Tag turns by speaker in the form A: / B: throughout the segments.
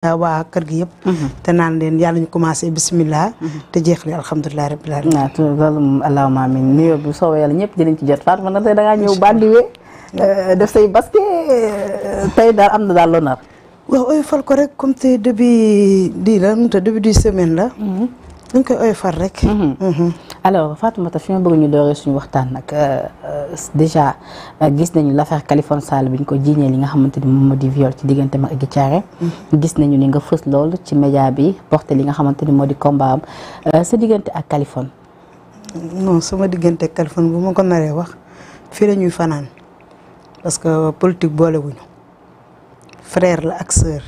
A: waa kër gi yëpp. Mhm. te naan leen yàlla ñu commencé bisimilah. Mhm. te jeexle alhamdulilah rabbil alamin.
B: waaw loolu moom allahumma amiin bi soobee yàlla ñëpp dinañ ci jot Fatou man tey da ngaa ñëw bandiwee. Euh, def say baske euh, tey daal am na daal loo nar. waaw ooy fal ko rek comme tey début di la te début du semaine la. Mhm. dañ koy far rek. Mhm. Mhm. alors Fatoumata fi ma bëgg ñu dooree suñu waxtaan nag euh, euh, déjà euh, gis nañu l'affaire Kaliphone Sall bi ñu ko jiiñee li nga xamante ni moom moo di viol ci diggante mag ak Thiaré. Mhm. gis nañu ni nga fës lool ci média bi porté li nga xamante ni moo di combat sa diggante ak Kaliphone. non sama diggante ak bu ma ko naree wax fii la ñuy fanaan
A: parce que politique boolewuñu frère la ak sœur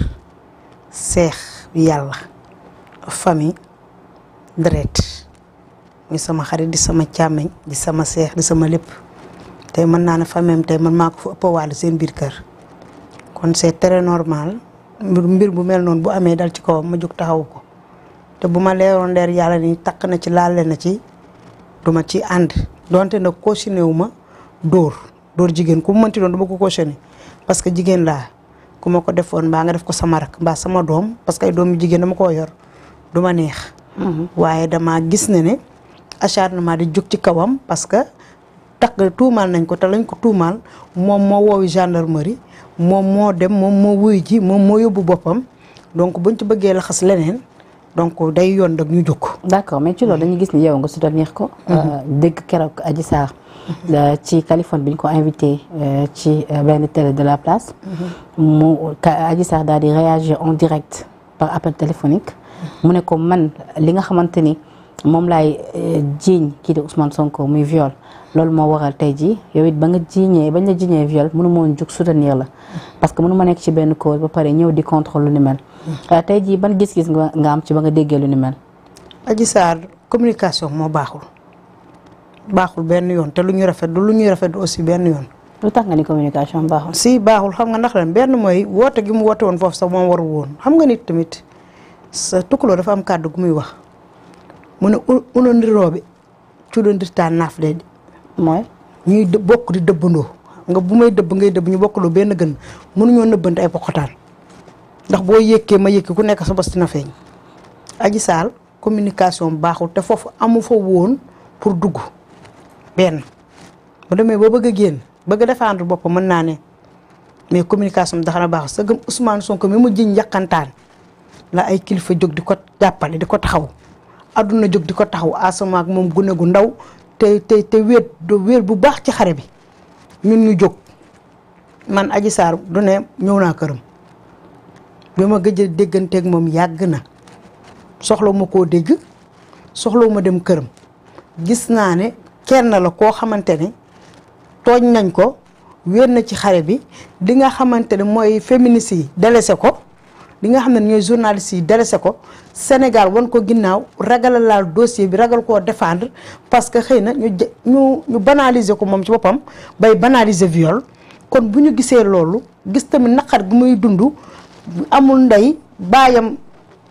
A: seex yàlla famille. deret ñu sama xarit di sama càmmeñ di sama seex di sama lépp tey mën naa ne famem tey man maa ko fa ëppawaale seen biir kër kon c'est très normal mbir bu mel noonu bu amee dal ci kawam ma jóg taxawu ko te bu ma leeroon leer yàlla ni takk na ci laale na ci duma ci ànd donte nag cautionné wu ma dóor dóor jigéen ku mu mënti doon duma ko cautionné parce que jigéen laa ku ma ko defoon mbaa nga def ko sama rak mbaa sama doom parce que doom yu jigéen dama koo yor du ma neex waaye dama gis ne ne acharnement di jóg ci kawam parce que takk tuumaal nañ ko te lañ ko tuumaal moom moo woowi gendarmerie moom moo dem moom moo wuyu ji moom moo yóbbu boppam
B: donc buñ ci bëggee laxas leneen donc day yoon nag ñu jóg. d'accord mais ci loolu dañu gis ni yow nga soutenir ko. Mm-hmm. Euh, dégg keroog Adji Sarr. Mm-hmm. Euh, ci Californie bi ñu ko invité euh, ci benn télé de la place. Mm-hmm. mu Adji Sarr daal di réagir en direct par appel téléphonique. mu ne ko man li nga xamante ni moom laay eh, jiiñ kii di Ousmane Sonko muy viol loolu moo waral tey jii yow it ba nga jiiñee bañ la jiiñee viol mënu moon jug soutenir la parce que mënu ma nekk ci benn cause ba pare ñëw di contrôle lu ni mel mm. euh, tey jii ban gis-gis nga am ci ba nga déggee ni mel Adji Sarr communication moo
A: baaxul baaxul benn yoon te lu ñu rafetlu lu ñu rafetlu aussi benn yoon lu tax nga ni communication baaxul si baaxul xam nga nax ren benn mooy woote gi mu woote woon foofu sax moom waru woon xam nga nit tamit sa tukuloo dafa am kàddu gu muy wax mu ne unondirooɓe cuɗondirta nafɗede mooy ñuy bokk di dëbbandoo nga bu may dëbb ngay dëbb ñu bokkaloo benn gën mënuñoo nëbbante ay poqotaan ndax boo yëkkee ma yëkki ku nekk sa bos dina feeñ aji saal communication baaxul te foofu amu fa woon pour dugg benn bu demee boo bëgg a génn bëgg a défendre boppam mën naa ne mais communication bi daxana baaxul sa gëm Ousmane Sonko mi mu jiñ yàqantaan la ay kilifa jóg di ko jàppale di ko taxaw adduna jóg di ko taxaw Asama ak moom gune gu ndaw te te te wéet wéet bu baax ci xare bi ñun ñu jóg man aji Sarr du ne ñëw naa këram bi ma gëj a dégganteeg moom yàgg na soxla ma koo dégg soxla ma dem këram gis naa ne kenn la koo xamante ne tooñ nañ ko wéet na ci xare bi li nga xamante ne mooy féministes yi délaissé ko li nga xam ne ñooy journalistes yi délaissé ko Sénégal wan ko ginnaaw ragal laal dossier bi ragal koo defendre parce que xëy na ñu ñu ñu banaliser ko moom ci boppam bay banaliser viol kon bu ñu gisee loolu gis tamit naqar gi muy dund amul ndey baayam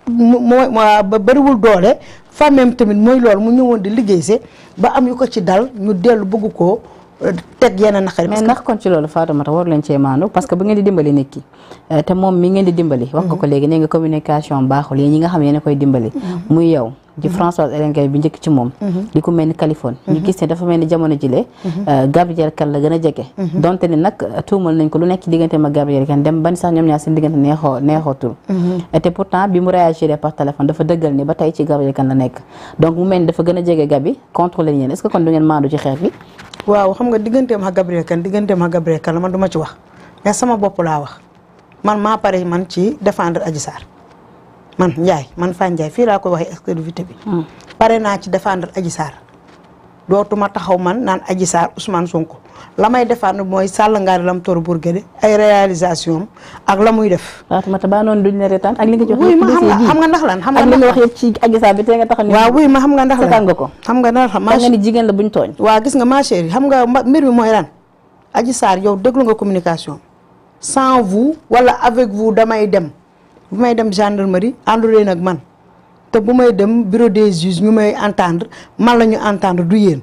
A: mooy bariwul doole famem tamit mooy loolu mu ñëwoon di
B: liggéey se ba am yu ko ci dal ñu dellu bëgg ko teg yenn kon ci loolu Fatoumata war leen cee maandu parce que bu ngeen di dimbali nit euh, te moom mi ngeen di dimbali. wax nga ko léegi nee nga communication baaxul yéen nga xam ne a koy dimbali. Mm-hmm. muy yow. di mm-hmm. Françoise Hélène Gaye bi mm-hmm. euh, la gën a jege euh, dafa dëggal ni ba tey ci Gabrielle Kane la nekk donc mu mel dafa gën a jege Gabi contrôler yéen est kon du ngeen maandu ci xeex bi
A: waaw xam nga digganteem ak Gabriel kan digganteem ak Gabriel Kane man du ci wax mais sama bopp laa wax man maa pare man ci défendre aji saar man njaay man Fane njaay fii laa koy waxee exclusivité bi. Hmm. pare naa ci défendre aji saar dootuma taxaw man naan Adji Sarr Ousmane Sonko la may defaan mooy sàllangaari lam tor bourgade ay réalisation ak la muy def Fatoumata Ba noonu duñ la retaan ak li nga ci wax ma ndax lan xam nga ak li nga wax yëpp ci wuy ma xam nga ndax lan nga ko xam nga ndax lan nga ni jigéen la buñ tooñ waa gis nga ma chérie xam nga mbir mi mooy lan Adji Sarr yow déglu nga communication sans vous wala avec vous damay dem bu may dem gendarmerie àndu leen nag man te bu may dem bureau des juges ñu may entendre man la ñu entendre du yéen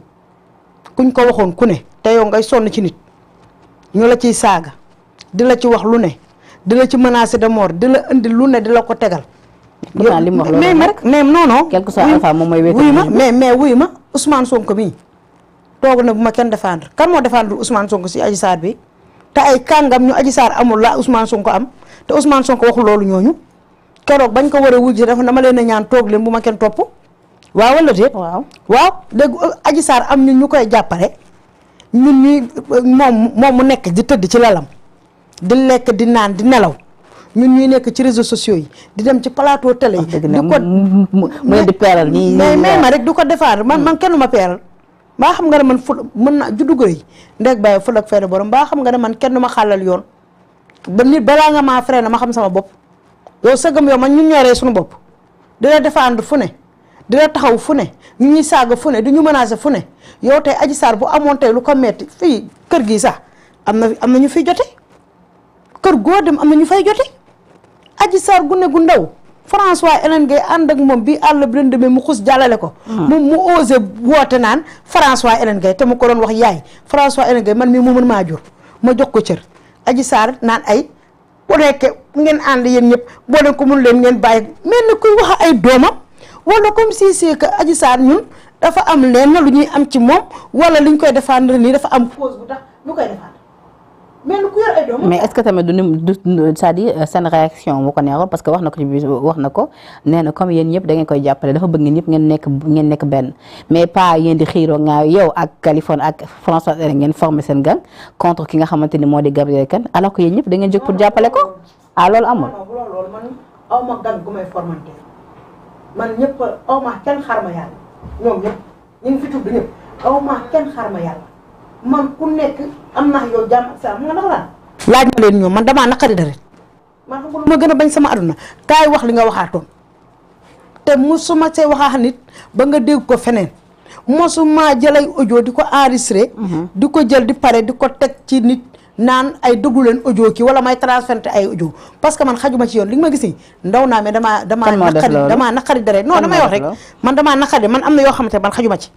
A: kuñ ko waxoon ku ne te yow ngay sonn ci nit ñu la ciy saaga di la ci wax lu ne di la ci menacer de mort di la indi lu ne di la ko tegal. li mu wax mais mais
B: rek mais non non. quelque soit alpha moom mooy wuyu ma mais
A: mais wuyu ma Ousmane Sonko mii toog na bu ma kenn défendre kan moo défendre Ousmane Sonko si Adji Sarr bi te ay kàngam ñu Adji Sarr amul la Ousmane Sonko am te Ousmane Sonko waxul loolu ñooñu. keroog bañ ko war a wujj dafa ma leen a ñaan toog leen bu ma kenn topp waaw wala déet waaw waaw léegi euh, Adji Sarr am ñun ñu koy jàppare ñun ñuy euh, moom mu nekk di tëdd ci lalam di lekk di naan di nelaw ñun ñuy nekk ci réseau sociaux yi di dem ci palaatoo télé yi di ko mu di peeral ma rek du ko defaar man man kenn ma peeral mbaa xam nga ne man ful mën na juddu goy ndeg bàyyi ful ak fenn borom mbaa xam nga ne man kenn ma xàllal yoon ba nit balaa nga maa freiné ma xam sama bopp yow sa gëm yow man ñun ñoree suñu bopp dina défendre fu ne dina taxaw fu ne ñu ñuy saaga fu ne du ñu menacer fu ne yow tey Adji Sarr bu amoon tey lu ko metti fii kër gii sax am na am na ñu fiy jote kër goo dem am na ñu fay jote Adji Sarr gune gu ndaw François Hélène ànd ak moom bi àll bi demee mu xus jàllale ko. Ah. moom mu osé woote naan François Hélène te mu ko doon wax yaay François Hélène Gueye man mii mu mën maa jur ma jox ko cër Adji Sarr naan ay. bu nekkee ngeen ànd yéen ñëpp boo leen ko mun leen ngeen bàyyi mel ni kuy wax ay doomam wala comme si c'est que Adji Sarr ñun dafa am
B: lenn lu ñuy am ci moom wala li ñu koy défendre nii dafa am
A: cause bu tax lu koy défendre mel ni mais est-ce
B: que tamit du du cest euh, seen réaction moo ko parce que wax na ko ci wax na ko nee na comme yéen ñëpp da ngeen koy jàppale dafa bëgg ngeen ñëpp ngeen nekk ngeen nekk benn mais pas yéen di xiiroo nga yow ak Californie seen gang contre ki nga xamante ni moo di Gabriel Kane alors que yéen ñëpp
A: am naa yow jàmm ak salaam nga ndax lan laaj ma leen ñoom man damaa naqari dara man xam ma gën a bañ sama aduna kaay wax li nga waxaatoon te mu mosuma see waxaa nit ba nga dégg ko feneen mosuma jëlay audio di ko enregistré. Mhm. di ko jël di pare di ko teg ci nit naan ay déglu leen audio ki wala may transféré ay audio parce que man xajuma ci yoon li nga ma gis nii ndaw naa mais damaa. damaa naqari damaa naqari dara non damay wax rek man damaa naqari man am na yoo xamante man xajuma ci.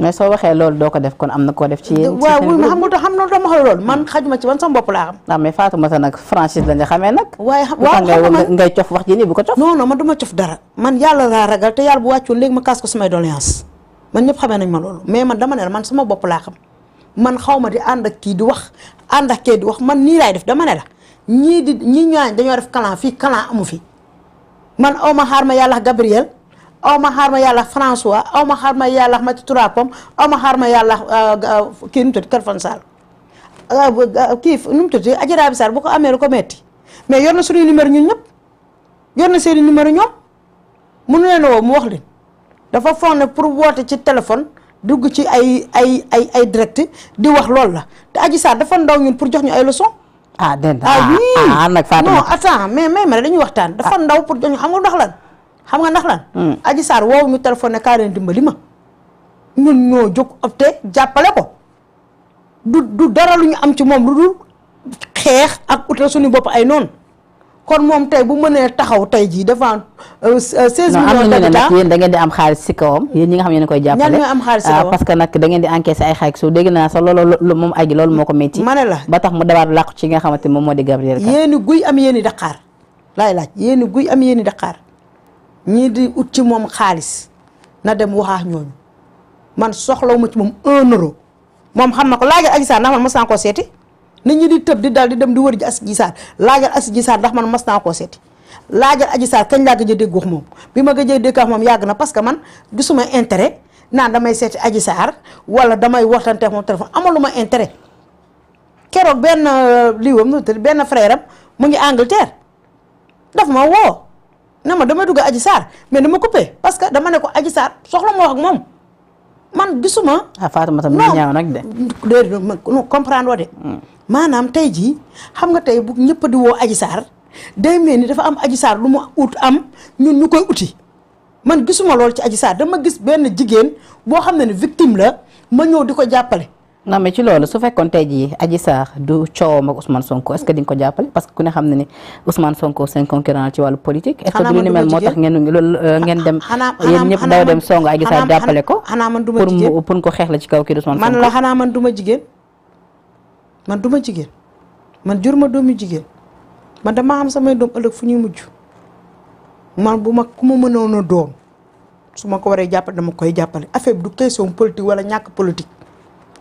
B: mais soo waxee loolu doo ko def kon am na koo def. ci yéen ci waaw ma
A: xam nga xam na dama xool loolu man xajuma ci man sama bopp laa xam.
B: waaw ah, mais Fatoumata nag franchise la nga xamee nag.
A: waaye xam waaw xam nga
B: ngay cof wax ji
A: man yàlla ragal te yàlla bu wàccoon léegi ma kaas ko samay doléance man ñëpp xamee nañ ma loolu mais man dama ne man sama bopp laa xam man xaw ma di ànd ak kii di wax ànd ak kii di wax man nii laay def dama ne la ñii di ñii ñaan dañoo def calan fii calan amu fi man aw ma xaar ma yàlla Gabriel aw ma xaar ma yàlla François aw ma xaar ma yàlla ma Touré Pom aw ma xaar ma yàlla euh, euh, kii nu mu tudd euh, kii nu mu tudd Adji Raby Sarr ko amee lu ko metti mais yor na suñu numéro ñun ñëpp yor na seen numéro ñoom mënu leen woo mu wax leen dafa foog ne pour woote ci téléphone dugg ci ay ay ay ay direct di wax loolu la te Adji Sarr dafa ndaw ñun pour jox ñu ay leçon
B: ah déedéet ah, ah oui ah, ah nag Fatou
A: mais mais ma dañuy waxtaan dafa ah. ndaw pour jox ñu xam nga ndax la xam nga ndax lan. Hmm. Adji Sarr woowu ñu téléphoné kaa leen dimbali ma ñun ñoo jóg opté jàppale ko du du dara lu ñu am ci moom lu dul xeex ak utal suñu bopp ay noonu kon moom tey bu mënee taxaw tey jii devant 16 euh, euh, millions d'habitants yéen
B: da ngeen di am xaalis si kawam koy jàppale ñoo am xaalis ah, que nag da ngeen di encaissé ay xaalis su dégg naa sax loolu moom moo ko métti ma ne la ba tax mu dawaat làqu ci nga xamante moom moo di Gabriel
A: Kane yéeni guy am yéeni daqaar laay laaj yéeni guy am yéeni daqaar ñii di ut ci moom xaalis na dem waxaax ñooñu man soxlawuma ci moom un euro moom xam na ko laajal Adji Sarr ndax man mas naa koo seeti nit ñi di tëb di dal di dem di wër ji Adji Sarr laajal Adji Sarr ndax man mas naa koo seeti laajal Adji Sarr kañ laa gëj a dégg wax moom bi ma gëj a moom yàgg na parce que man gisuma intérêt naan damay seeti Adji Sarr wala damay waxtante moom téléphone amaluma intérêt keroog benn euh, liiwam benn frère am mu ngi Angleterre daf ne ma dama dugg Adji Sarr mais dama coupé parce que dama ne ko Adji Sarr soxla ma wax ak moom man gisuma. ah Fatoumata mi ñaaw nag de. déedéet comprendre de. Hmm. maanaam tey jii xam nga tey bu ñëpp di woo Adji Sarr day mel ni dafa am Adji lu mu ut am ñu ñu koy uti man gisuma lool ci Adji Sarr dama gis benn jigéen boo xam ne
B: ne victime la ma ñëw di ko jàppale. non mais ci loolu su fekkoon te jii Adji Sarr du coowam ak Ousmane Sonko est-ce que di ko jàppale parce que ku ne xam na ni Ousmane Sonko seen concurrent ci wàllu politique. est-ce que du ni mel moo tax ngeen loolu euh, ngeen dem. xanaa yéen ñëpp daw jàppale ko. xanaa man duma jigéen pour ko xeex la ci kaw kii Ousmane Sonko. man la
A: xanaa man du ma man duma jigéen man jur ma doomu jigéen man dama am samay doom ëllëg fu ñuy mujj man bu mag ku ma mënoon a doom su ma ko waree jàppale dama koy jàppale affaire bi du question wala ñàkk politique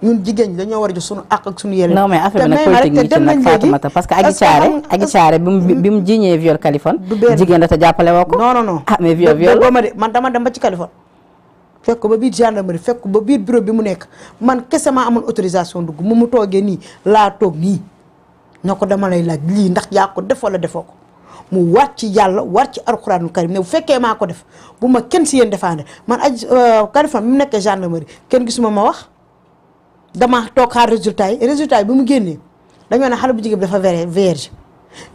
A: ñun jigéen ñi dañoo war a jox suñu àq ak suñu yelleef. non mais affaire bi nag politique bi ci nag Fatoumata
B: parce que Adji bi mu bi hmm? mu jiiñee du benn jigéen da ta jàppale woo ko. non non ah, man dama dem ba ci Kaliphone. fekk ba biir gendarmerie fekk
A: ba biir bureau bi mu nekk man kese maa amoon autorisation dugg mu mu toogee nii laa toog nii na ko dama lay laaj lii ndax yaa ko def defoo ko mu war ci yàlla war ci alxuraanul karim ne bu fekkee maa ko def bu ma kenn si yéen defaande man Adji euh, Kaliphone bi mu nekkee gendarmerie kenn gisuma ma wax dama toog xaar résultat yi résultat yi bi mu génnee dañoo ne xale bu jigéen bi dafa vere vierge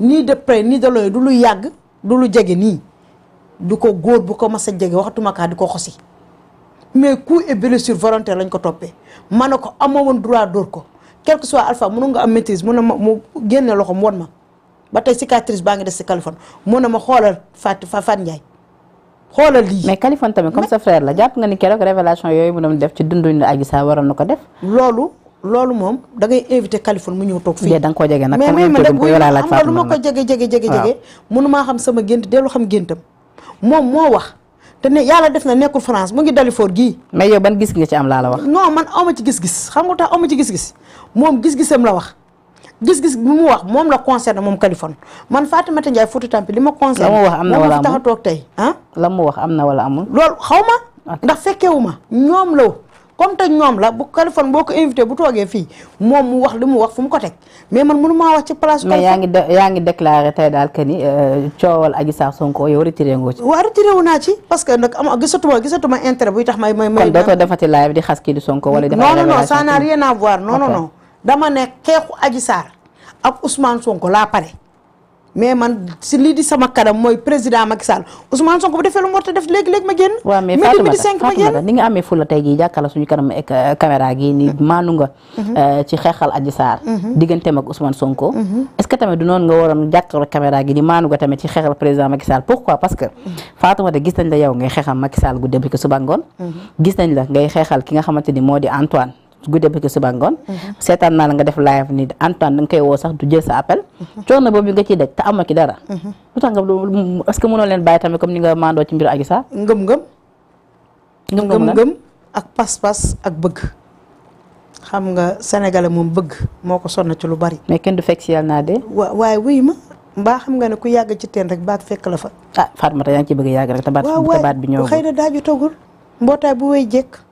A: nii de près nii de loin du lu yàgg du lu jege nii du ko góor bu ko mas sa jege waxtuma kaa di ko xosi mais coup et blessure volontaire lañ ko toppee ma ne ko amoo woon droit dóor ko quel que soit alpha mënu nga am maîtrise mun na ma mu génne loxo mu won ma ba tey cicatrice baa ngi def si Californie mun na ma xoolal Fat Fat Ndiaye
B: xoolal lii mais Kaliphone tamit comme sa frère la jàpp nga ni keroog révélation yooyu mu doon def ci dunduñ la Adji Sarr waroon na ko def loolu loolu moom da ngay invité Kaliphone mu ñëw toog fii da nga ko jege nag mais mais nag xam nga lu ma ko
A: jege jege xam sama gént dellu xam géntam moom moo wax te ne yàlla def na nekkul France mu ngi dali foor gi mais yow ban gis nga ci am laa la wax non man awma ci gis-gis xam nga tax awma ci gis-gis moom gis-gisam la wax gis-gis bi mu wax moom la concerne moom Kaliphone man Fatimata Ndiaye Fouta Tampi li ma concerne la mu wax am na wala amul tax a toog tey ah? la am na wala amul loolu ma ndax wu ma ñoom la comme te ñoom la bu Kaliphone boo ko invité bu toogee fii moom mu wax li mu wax fu mu ko teg mais
B: man mënu maa wax ci place. mais yaa ngi yaa ngi déclaré tey daal que ni euh, coowal Adji Sarr Sonko yow retiré ngoo ci.
A: waaw retiré wu parce que nag am gisatuma gisatuma intérêt tax may may. may kon dootoo
B: defati live di xas kii di Sonko wala. defati
A: révélation non dama ne xeexu Adji Sarr ak Ousmane Sonko laa pare mais man si lii di sama kanam mooy président Macky Sall Ousmane Sonko bu defee lu mu war a def léegi léegi ma génn. waaw mais Fatoumata Fatoumata
B: ni nga amee fula tey jii jàkkaarloo suñu kanam euh, caméra gi ni mm-hmm. maanu nga. Mm-hmm. Euh, ci xeexal mm-hmm. que tamit du noonu nga waroon jàkkaarloo gi ni maanu nga tamit ci xeexal président Macky Sall pourquoi parce que. Fatoumata gis nañ la yow ngay xeexal Macky Sall guddeem ki suba ngoon. gis nañ la ngay xeexal ki nga xamante ni moo di Antoine. guddee ba ci suba ngoon mhm. seetaan naa la nga def live ni Antoine da sax du jël sa appel mhm. coono boobu nga ciy daj te amoo ci dara mhm. lu tax mandoo ci mbiru Adji Sarr ngëm-ngëm ngëm ak pas-pas
A: ak bëgg xam nga sénégalais moom bëgg moo ko sonna ci lu bari mais ken du fekk si yàlla naa de waaye wuyu ma mbaa xam nga ne ku yàgg ci teen rek baat fekk la fa ah Fatmata yaa ngi ci bëgg yàgg rek te baat bi ñëw xëy na bu wéy jekk